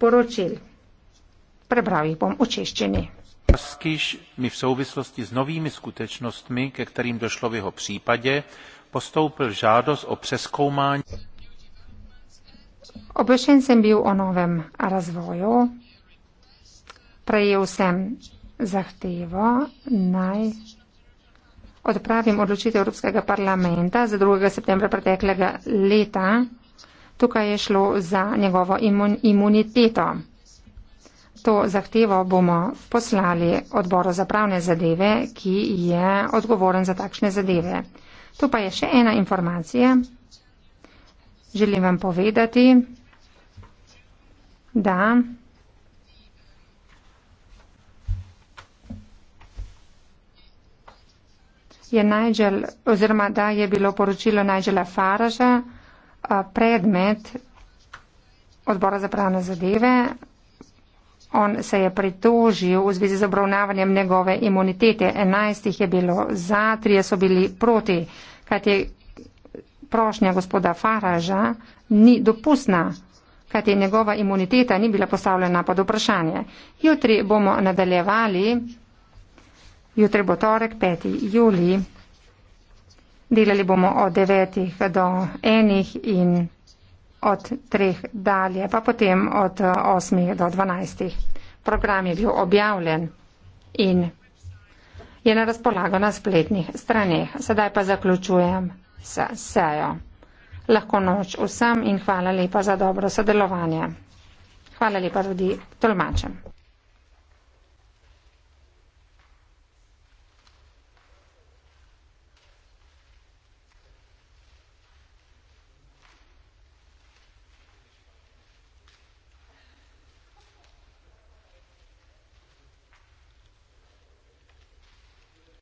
poročil. Prebral jich bom v češtině. Paskiš mi v souvislosti s novými skutečnostmi, ke kterým došlo v jeho případě, postoupil žádost o přeskoumání. Obešen jsem byl o novém rozvoju. Prejil jsem zahtevo naj odpravim odločitev Evropskega parlamenta za 2. septembra preteklega leta, Tukaj je šlo za njegovo imun, imuniteto. To zahtevo bomo poslali odboru za pravne zadeve, ki je odgovoren za takšne zadeve. Tu pa je še ena informacija. Želim vam povedati, da. Je Nigel, oziroma da je bilo poročilo Nigela Faraža predmet odbora za pravne zadeve. On se je pritožil v zvezi z obravnavanjem njegove imunitete. 11 jih je bilo za, 3 so bili proti, kajti prošnja gospoda Faraža ni dopustna, kajti njegova imuniteta ni bila postavljena pod vprašanje. Jutri bomo nadaljevali, jutri bo torek 5. julija. Delali bomo od 9 do 1 in od 3 dalje, pa potem od 8 eh, do 12. Program je bil objavljen in je na razpolago na spletnih straneh. Sedaj pa zaključujem s sejo. Lahko noč vsem in hvala lepa za dobro sodelovanje. Hvala lepa tudi tolmačem.